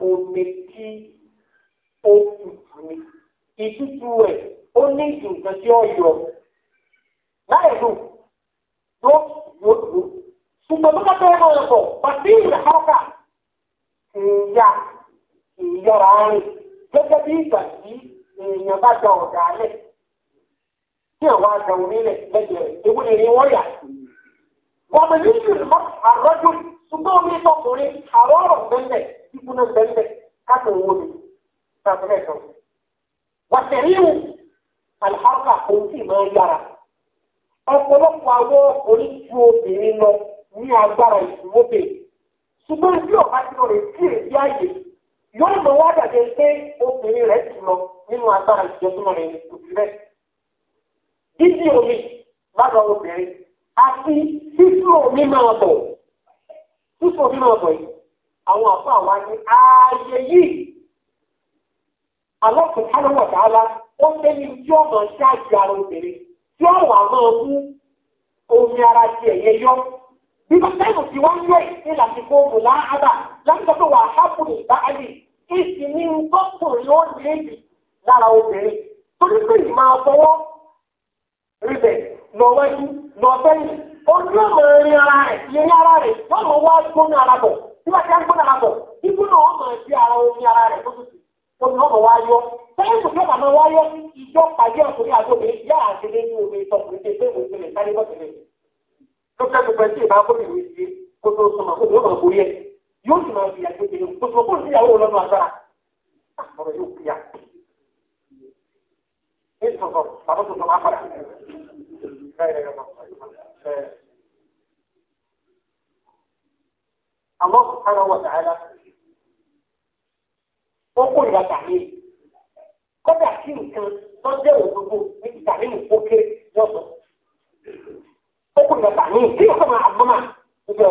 omi tí ó tutù ni ìtútù rẹ̀ ó ní ìdùnnà tí ó yọ láì lù tó yóò lù ṣùgbọ́n tó bá bọ̀ ìwé gẹ́gẹ́ bí ìgbà tí èèyàn bá jọ ọ̀dà alẹ̀ tí àwọn àgbàwò nílẹ̀ lẹ́jẹ̀ ewu ni ni wọ́n yà. wọ́n mi ní ìlú mọ́ àrọ́jú ṣùgbọ́n mi tọkùnrin àrọ́ ọ̀rọ̀ bẹ́ẹ̀ ìkúná bẹ́ẹ̀ káàtó owó ni káàtó ẹ̀ wàtẹ̀ríwù àlùfáàkà òun sì máa ń yára ọ̀pọ̀lọpọ̀ àwọn oríṣi obìnrin lọ ní agbára ìṣòwò bẹ́ẹ̀ ṣùgbọ́n bí ọ̀bá ti lọ rè sí yóò mọ̀ wá dàgé pé obìnrin rẹ̀ ti lọ nínú agbára ìjọsìn rẹ̀ òbí rẹ̀. Dídí omi lára obìnrin àti fífú omi máa bọ̀. Fífú omi máa bọ̀ yìí, àwọn àfọ àwa ni ààyè yìí. Àlọ́kùn ó tí ó máa ara obìnrin, tí ó wà máa omi ara ti ẹ̀yẹ yọ. Bí bá tí wọ́n ń yọ láti sọ pé hápù ìsìn ní gọ́kùnrin ó léèdì lára obìnrin torí pé ìmọ̀ àfọwọ́ ribẹ̀ lọ wájú lọ sẹ́yìn ojú ọmọ rin ara rẹ̀ ìrìn ara rẹ̀ wọ́n mọ̀ wá gbóná ara bọ̀ nígbà tí wọ́n gbóná ara bọ̀ ikú náà wọ́n mọ̀ sí ara omi ara rẹ̀ tó tutù omi wọ́n mọ̀ wá yọ sẹ́yìn kò sẹ́yìn àmọ́ wáyọ́ ìjọ pàdé ọkùnrin àti obìnrin yá àti lé ní omi ìtọ́kùnrin tẹ pé òun ti sáré bọ́sẹ̀ lẹ́yìn tó fẹ́ gbogbo ẹtí ìbá gómìnà kó tó sọmọ kó tó lọ́mọ yóò sì máa fi àgbègbè gbogbo kó sí ìyàwó lọ́nà agbára ọ̀rọ̀ yóò fi à. ẹ sọ̀rọ̀ bàbá tó sọ̀rọ̀ apàdà. Allah subhanahu wa ta'ala ó kó ìgbà tàbí kọ́dà sí nǹkan tó jẹ́ òdodo ní ti tàbí nǹkó ké lọ́sọ̀ ó kó ìgbà tàbí kí ló sọ ma àgbọ́mà nígbà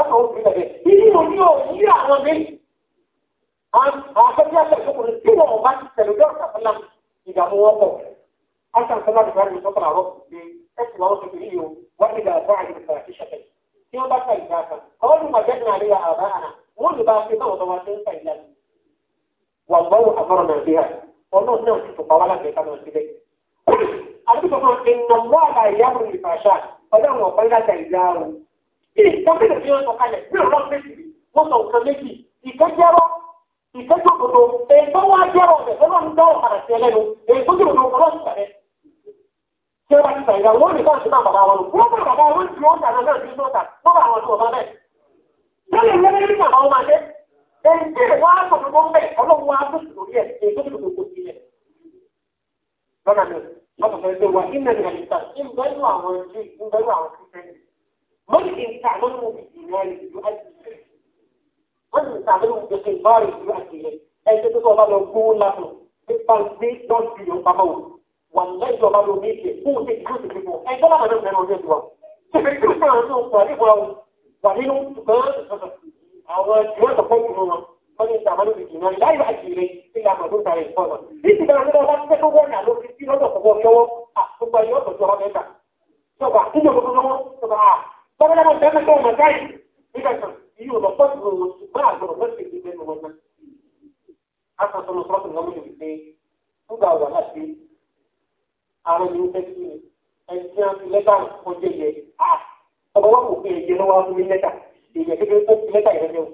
àtàwọn obìnrin rẹ̀ ìdí òní ò ní àwọn mi. àwọn akẹ́kẹ́ akẹ́kọ̀ọ́ tí wọn ò bá ti tẹ̀lé ọjọ́ ìsàkọ́lá ìdààmú wọn pọ̀. àtàkọ́lá ti báyìí sọ́kọ̀ àrọ́ pé ẹ̀sìn àwọn tuntun yìí o wọ́n ti dàgbà àyè ìfàkíṣẹ́fẹ́. tí wọ́n bá ta ìgbà kan àwọn olùmọ̀ jẹ́ ní àríyá àbá àná wọ́n lè bá a ṣe báwọn tó wá ṣe ń ta ìlànà. wà lọ́wọ́ àmọ́ràn nàìjíríà ọlọ́run náà ti tùpá wá láti ẹ̀ka náà síbẹ̀. àdúgbò kan ìnáwó àbáyé yàgò ìfàṣà ọlọ́run ọ̀pẹ́ ìkọ́sílẹ̀ tí wọ́n sọ kalẹ̀ bí òun náà méjì wọ́n sọ nǹkan méjì ìkẹ́jẹ́rọ́ ìkẹ́jọ́ òdodo èso wá jẹ́rọ̀ ọ̀sẹ̀ tó náà ń dáwọ̀ padà sí ẹlẹ́nu èso jẹ́ òdodo ọ̀rọ̀ ti tẹ̀lé. tí wọ́n bá ti tẹ̀lé wọ́n lè káàkiri náà bàbá wọn wọ́n bá bàbá wọn ti wọ́n tàbí náà sí lọ́tà wọ́n bá wọn tó ọba bẹ́ẹ̀. lórí ìlẹ́gbẹ̀ẹ́ nígbà wọn máa dé èyí wọ́n á sọ fún wọn bẹ́ẹ̀ ọlọ́run wa tó sì ممكن تعمله بالإيمان يؤدي إليه ممكن تعمله بخمار يؤدي إليه أنت تقول له قول له بالتنسيق تنسي يطمعون والله يطمع له بيك قول لك كنت تقول أنت لا أعلم أنه جدوى تفكر أنه صريح له ومنه ما أو ما تقول له mọ́ni ìtàmọ́lò ìdìnnà láì bá jìrì sílẹ̀ àmọ̀dún tàrí ìfọ́nà. Bí ti bá nílò wá tẹ́kọ̀ wọ́n náà ló fi sí lọ́dọ̀ kọ̀ọ̀kan lọ́wọ́ àtúgbà yóò tọ́jú ọmọ mẹ́ta. Sọ̀bà nínú ọmọ lọ́wọ́ sọ̀bà Tọ́lọ́mọ tẹ́lẹ̀ tó mọ̀ káyì nígbà kan yìí ò lọ pọ̀ sí òun ṣùgbọ́n àgbọ̀rọ̀ lọ́sẹ̀ ti bẹ́ẹ̀ lọ́wọ́ náà. A kan sọ lọ́sọ̀rọ̀ tó lọ́mọ yòó pé nígbà wà láti ara mi ń fẹ́ sí mi ẹ̀sìn àti lẹ́tà ọjọ́ yẹ. Ọmọ wọn kò fi èyí lọ́wọ́ fún mi lẹ́tà. Èyàn kékeré tó fi lẹ́tà yẹn lẹ́wọ̀.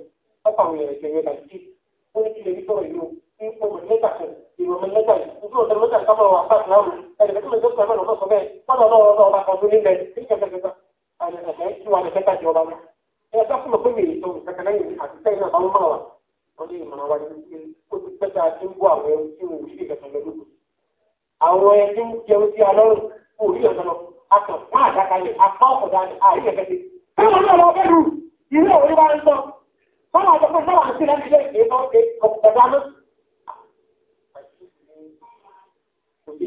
Ọ̀pọ̀ àwọn èèyàn ìṣẹ̀yẹ kà sí. Ó ní kí lè rí sọ̀rọ̀ yìí o. Ní ọmọ lẹ́tà kan, ìrọ̀mọ ẹ̀fẹ́ tí wọ́n lè fẹ́ tàjọba ní. ẹ bá fún mi pé mi ìtò ìfẹ́kẹ́ lẹ́yìn àti sẹ́yìn náà bá ń mọ̀ wá. wọ́n lè mọ̀ wá ní pé ó ti pẹ́ tá a ti ń bọ́ àwọn ẹni tí òun ṣì kẹ̀kẹ́ lọ́dún. àwọn ẹni tí ń jẹun sí alọ́run kò rí ẹ̀sán lọ. a kàn fún àdákalẹ̀ apá ọ̀kọ̀dá ni àrí ẹ̀kẹ́ ti. bí wọ́n náà lọ bẹ́ẹ̀ lù ilé òun bá ń sọ. fọ́nà ọ̀dọ́ fún sábà ń sílẹ̀ nílé ìgbésọ̀ ọ̀kọ̀dá náà. kò sí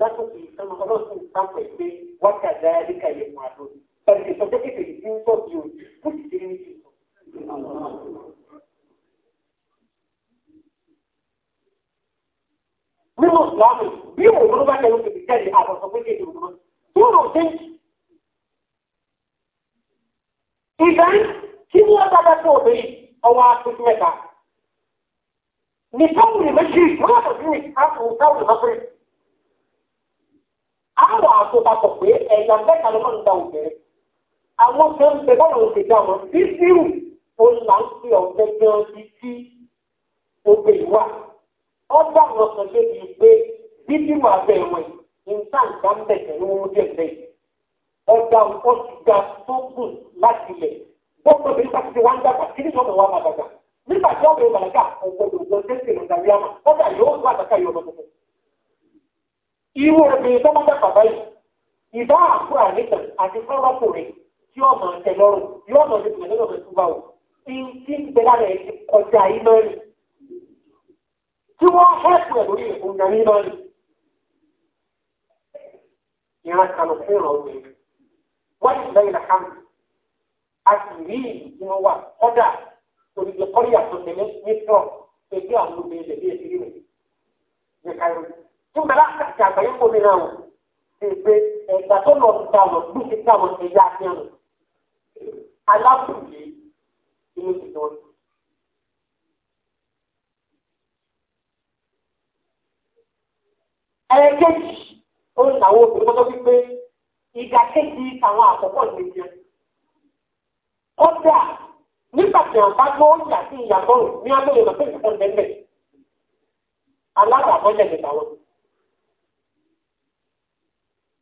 lásìkò ìsọmọ ọlọ́sùn sáfẹ̀ pé wákàtí ayáríkà yẹn mú àdó. ẹ̀yà mẹ́ta ló máa ń da obìnrin. Àwọn kan ń bẹ bọ́ọ̀lù òkè dá wọn. Bísírù ó là ń fi ọ̀fẹ́ gan bí tí oge ìwà. Ọjà wọn kan lé mi pé bísírù abẹ́ wọn nígbà ìgbà ń bẹ̀tẹ̀ ní owó díẹ̀ bẹ́ẹ̀. Ọjà wọn ti ga tó gùn láti ilẹ̀. Gbogbo ìbí pàṣẹ ti wá ń dàgbà kí nìkan wà má dàgbà. Nígbà tí ọ̀bẹ ìbá àkúrà nìkan àti kọ́lọ́kùnrin tí ó máa tẹ lọ́rùn yóò máa tẹ tẹ̀lé lọ́rùn tó bá wò ní tí ń gbẹ lára ẹ̀ ti kọjá ìmọ̀ọ́nì tí wọ́n hẹ́pù ẹ̀ lórí ìfúnná ìmọ̀ọ́nì. ìran kanu fún ìrọ̀rùn yìí wọ́n ti lẹ́yìn àkàmù a sì rí ìlú tí wọ́n wà kọ́dà olùdókòwò kọ́lì àtọ̀tẹ̀ ní tọ́ ẹgbẹ́ àwọn obìnrin lè bí èsì rí rẹ̀ ní ìgbé ẹ̀ka tó lọ sí táwọn bí ti táwọn ti yá ní ọ̀nà alábùdí inú ti lọ. ẹ̀ẹ́dẹ́jì ó ń tàwọn obìnrin tó wípé ìgbà kejì àwọn àkọ́kọ́ ìgbésẹ̀. ó dà nígbà tí àwọn bá gbọ́ ìyà sí ìyàgbọ́rùn ní agbóyè lọ́sẹ̀ ìfọ̀n bẹ́ẹ̀ alábàbọ̀ lẹ́gbẹ̀ẹ́ táwọn.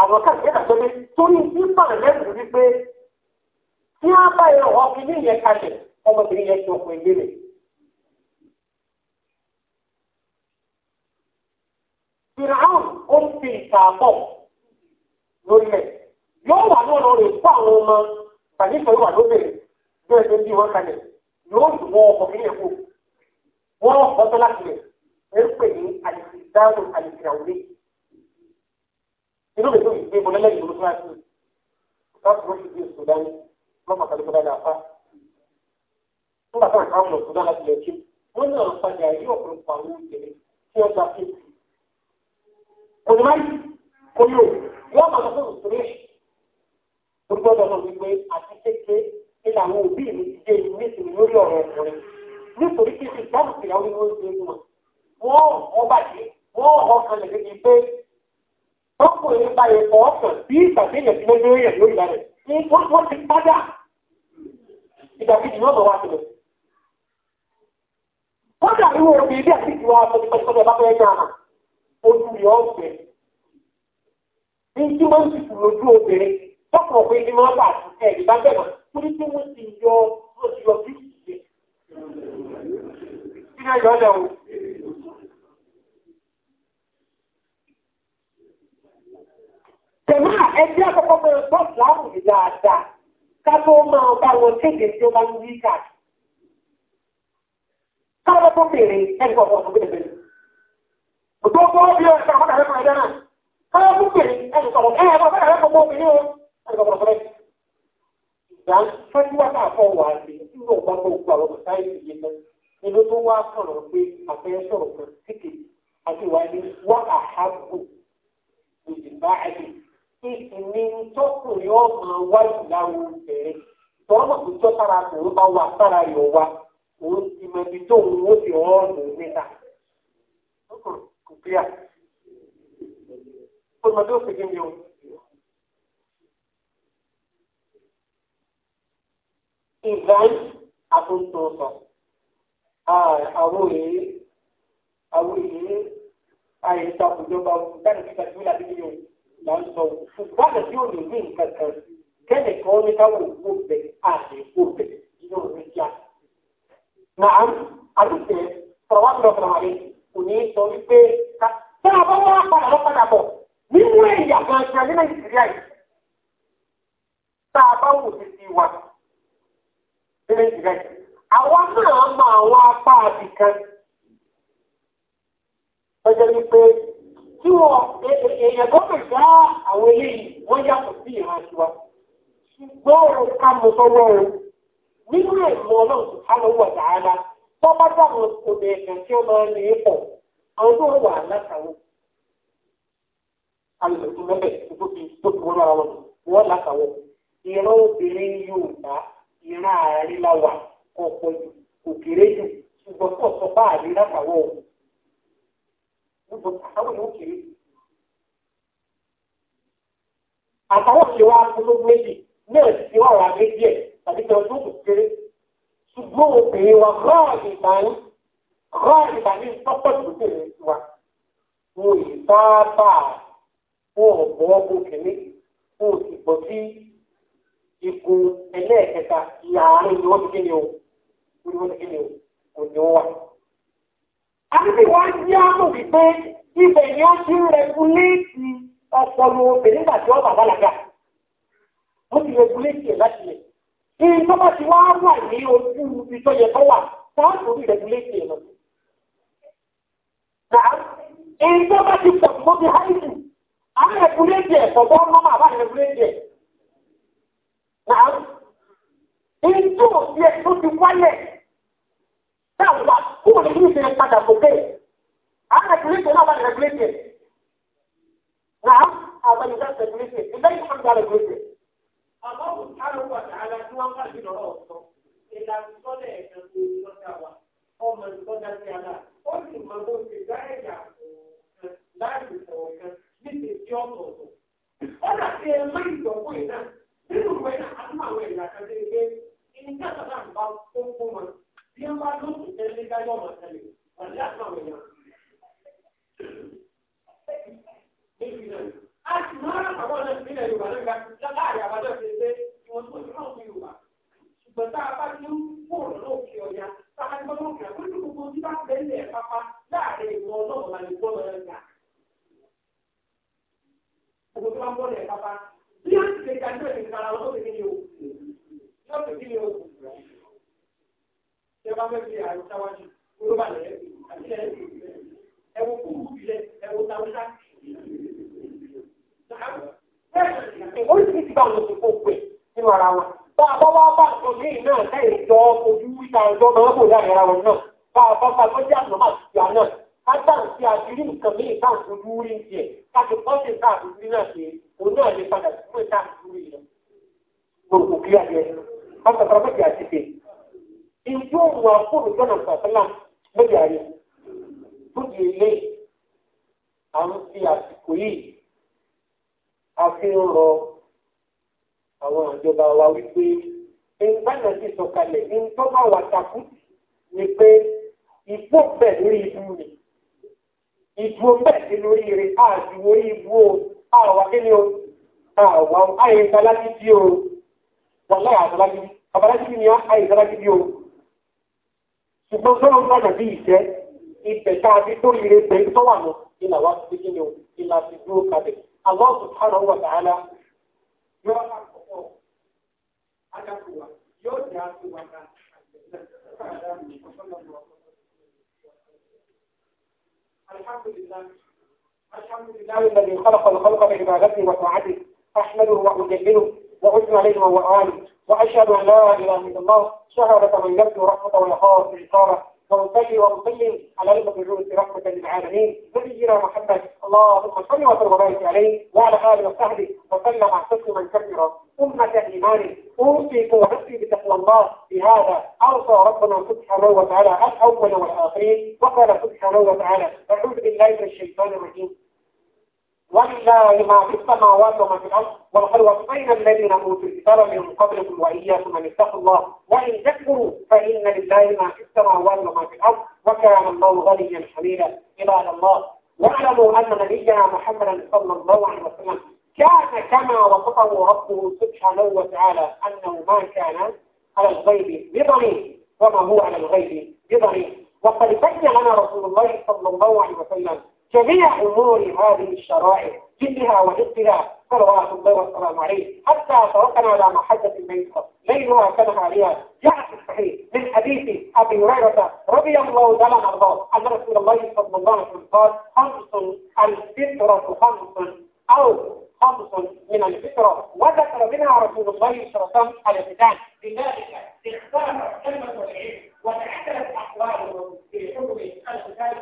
àwọn káàkiri kàtó ní torí tí bàrẹ̀ lẹ́nu wípé tí a bá yẹ ọkùnrin yẹn kalẹ̀ ọmọbìnrin yẹn ti ọkùnrin lé rẹ̀. Ìràhùn ó ń fi ìtààbọ̀ lórí ẹ̀. Yóò wà lọ́rọ̀ rẹ̀ fún àwọn ọmọ tàbí ìfọ̀rọ̀ wà lóbẹ̀ bẹ́ẹ̀ ló bí wọ́n kalẹ̀. Yóò dùn wọ́n ọkùnrin yẹn kú. Wọ́n bọ́tọ́ láti rẹ̀. Ẹ pè ní àlìsí dáhùn àlìsí àwọn méjì inú mi tó yìí pé mo lẹ́lẹ́yìn lórí kíláàsì káàsì ló fi di èso dání lọ́mọ àtàlùkọ́ dáadáa fa nígbà tó nǹkan ọ̀nà òkú dáadáa tilẹ̀ kí wọ́n ní ọ̀rọ̀ padà yí ọ̀pọ̀lọpọ̀ àwọn òkèlè tí wọ́n gba fún mi. kò ní máyì kò ní o wọ́n máa lọ fún òṣèré gbogbo ọ̀dọ̀ náà wípé àti kéke ilé àwọn òbí mi ti dé ní ìsinmi lórí ọ̀rọ̀ ọkùnrin nítorí kí ìsìn ìdáhùn ìyàwó ni wọ́n ń ṣe wọn wọ́n ọ ọkùnrin nípa ẹ̀kọ́ ọkàn bí ìgbàgbéyàn tí wọ́n lórí ẹ̀ lórí ìlànà wọ́n ti padà ìgbàkejì lọ́dọ̀ wa sílẹ̀. wọ́n dàbí wo obì ilé àti ìwà àtọ́jọ́jọ́ bá fẹ́ yàn án ojú yọ ọ̀gbẹ́. Tẹ̀mọ́ ẹgbẹ́ àkọ́kọ́ mọ ẹgbọ́ ìsìláàmù ní dáadáa ká tó máa bá wọn kéde tí ó bá ń wí kà. Káwọn tó bèèrè ẹgbẹ́ ọ̀pọ̀ ọ̀pọ̀ bèèrè. Gbogbo bí ọ̀sán àwọn àrẹ́kùn ẹgbẹ́ náà. Káwọn tó bèèrè ẹgbẹ́ ọ̀pọ̀ ẹgbẹ́ ọ̀pọ̀ àrẹ́kùn ọmọ obìnrin o. Ẹgbẹ́ ọ̀pọ̀ ọ̀pọ̀ Ìgbà fún ìwà náà fọ́ wà sí nínú ọ̀pọ̀ gbogbo àwọn mọ̀sáìsì yìí náà. Inú tó wá sọ̀rọ̀ pé àfẹ́ sọ̀rọ̀ kan síkè àti ìwà wọ́n àhábù ìdìbà àti ìsinmi tó kù yóò máa wá ìyàwó bẹ̀rẹ̀ tọ́mọ̀ tó tọ́ sára tòun bá wà sára yọ̀ wá òun ti mọ ibi tó òun ó ti hàn níta. fi kí ni o. àtúntò àwọn èyí àwọn èyí àyè o. là ń sọ ṣùgbọ́n àti òní ní nǹkan kan kẹ́lẹ̀ kan ní káwọn òkú bẹ̀ àti òkú bẹ̀ nínú òwe kíá. Nàá àdúgbò sọ̀rọ̀ lọ́sọ̀rọ̀ rẹ̀ kò ní sọ wípé tá a bá wá padà lọ padà bọ̀ nínú ẹ̀yà gangan ní Nàìjíríà yìí. Tá a bá wò sí ti wa ní Nàìjíríà yìí. Àwa náà mọ àwọn apá àbìkan. Ó jẹ́ wípé tí wọ́n èèyàn tó pè dá àwọn eléyìí wọ́n yàtọ̀ sí ìran àtiwá. ṣùgbọ́n òun ká mọ sọ́wọ́ o nínú ẹ̀mọ́ ọlọ́run tó ká lọ́wọ́ dáadáa tó bá dáhùn òbí ẹ̀kẹ́ tí ó máa ń lè pọ̀ àwọn tó wà alùpùpù tó fi tó fi wọ́n wọ́n ìran obìnrin ìran àwọn èèyàn kiri. àtàwọn òṣèré wa tó méjì náà ti wà wà méjì ẹ̀ tàbí tí ọdún kò kéré ṣùgbọ́n obìnrin wa rọ́ọ̀lì ìbáyé rọ́ọ̀lì ìbáyé tọ́pọ̀ tó bèrè wa wọn ì sábà wọn ò bọ́ obìnrin wọn ò sì bọ́ sí igun ẹlẹ́ẹ̀kẹta láàárín ni ti kí ni o ni ti kí ni o kò ní wà. àbíbí wọ́n jẹ́ àmọ̀ wípé ibẹ̀ ni ó ti ń rẹguléètì ọpọlọ obìnrin nígbà tí wọ́n bàbá làgà wọ́n ti rẹguléètì ẹ̀ láti kí n ti wá wà ní ojú ìtọ́yẹ tó wà táàtò rí ti pọ̀ tó ti ń Now, what? Who will use the part of okay? I'm regulated, not I'm regulated. Now, I'm going to regulated. Is that even that regulated? Allah subhanahu wa ta'ala tí wọ́n bá ti lọ́rọ̀ ọ̀sọ́, ìlànà sọ́dẹ̀ ẹ̀jẹ̀ tó ń lọ́dà wa, ọmọ ìtọ́jà sí àlá, ó sì mọ bó ti dá ẹ̀yà ọ̀kan láàyè ọ̀kan níbi tí ọ̀tọ̀ọ̀tọ̀. Ó dà sí ẹ má ìgbọ̀kọ̀ yìí náà, nínú ìwé náà, àtúmọ̀ àwọn ẹ̀yà kan ti ń gbé, ìníjà tó náà bá tó fún wọn tí wọ́n bá lóṣù tẹ́lẹ̀ gáyọ̀ ọmọ tẹ́lẹ̀ wọ́n lé àtàwọn èèyàn. a sì máa ń àwọn ọ̀nà ìpínlẹ̀ Yorùbá lọ́gbà láàárín àbájọ́ ṣe pé ìwọ̀n tó ti máa ń fi Yorùbá ṣùgbọ́n tá a bá ti ń fòrò lóòkè ọ̀yà tá a gbọ́ lóòkè ọ̀yà pẹ̀lú gbogbo tí bá bẹ́ẹ̀lẹ̀ pápá láàárín ìwọ̀n ọlọ́run àti ìwọ̀n ọ̀yà gbogbo tó bá ń fẹ́ fi àrùn sáwájú ló bà lẹ́yìn àti ẹ̀yìn ẹ̀wọ̀n kò wù bílẹ̀ ẹ̀wọ̀n táwùsá. oríṣiríṣi bá wọn ti kó pè nínú ara wọn bá a bá wá bá nǹkan ní ìná lẹ́yìn ìjọ ojú ìta ìjọ náà kò dára ara wọn náà bá a bá bá lọ́jà àtúnmọ̀ àti ìyá náà ká dáhùn sí àṣírí nǹkan ní ìta ìfojú rí ń tiẹ̀ ká ti pọ́ńtì ìta àfojú náà ṣe òun náà lè padà sí ìta àfojú rí lọ. gbogbo kílíà yẹn wọn kọ ìjú òun àfóònù gbọ́nà pàtàlà lórí ààrẹ lórí ilé à ń fi àsìkò yìí a fi ń rọ àwọn ìjọba wa wípé ìbáná ti sọ̀kalẹ̀ ní tó takú ni pé ìpò bẹ́ẹ̀ lórí ibu ni ìdúró bẹ́ẹ̀ sí lórí ire àdúró ibu o àwa kí ni o àwa àyè ìsalágídí o wàlá àbálágídí àbálágídí ni àyè ìsalágídí o. ṣùgbọ́n sọ́run gbọ́dọ̀ bí ìṣẹ́ ibẹ̀ tá a fi tó ire pẹ̀ tó wà lọ ilà wá sí kí ni o ilà ti dúró kalẹ̀ Allah subhanahu wa ta'ala yóò àkọ́kọ́ adákùwà yóò dá àkùwà ká الحمد لله الحمد لله الذي خلق الخلق بعبادته وطاعته احمده واجلله واثنى عليه وهو عالم وأشهد أن لا إله إلا الله شهادة من يبدو رحمة ويخاف عقابه وأصلي وأسلم على المبعوث رحمة للعالمين نبينا محمد اللهم صل وسلم وبارك عليه وعلى آله وصحبه وسلم تسليما كثيرا أمة إيمان أوصيك ونفسي بتقوى الله بهذا أوصى ربنا سبحانه وتعالى الأول والآخرين وقال سبحانه وتعالى أعوذ بالله من الشيطان الرجيم ولله ما في السماوات وما في الأرض ولقد وصينا الذين أوتوا الكتاب من قبلكم وإياكم أن اتقوا الله وإن تكفروا فإن لله ما في السماوات وما في الأرض وكان الله غنيا حميدا عباد الله واعلموا أن نبينا محمدا صلى الله عليه وسلم كان كما وصفه ربه سبحانه وتعالى أنه ما كان على الغيب بضمير وما هو على الغيب بضمير وقد بين لنا رسول الله صلى الله عليه وسلم جميع أمور هذه الشرائع جدها وجدها صلوات الله والسلام عليه حتى توقنا على محجة الميسر ليلها كنهارها جاء في يعني الصحيح من حديث أبي هريرة رضي الله تعالى عنه أن رسول الله صلى الله عليه وسلم قال خمس الفطرة خمس أو خمس من الفطرة وذكر منها رسول الله صلى الله عليه وسلم الختان لذلك اختار كلمة العلم وتعدلت أقواله في حكم الكتاب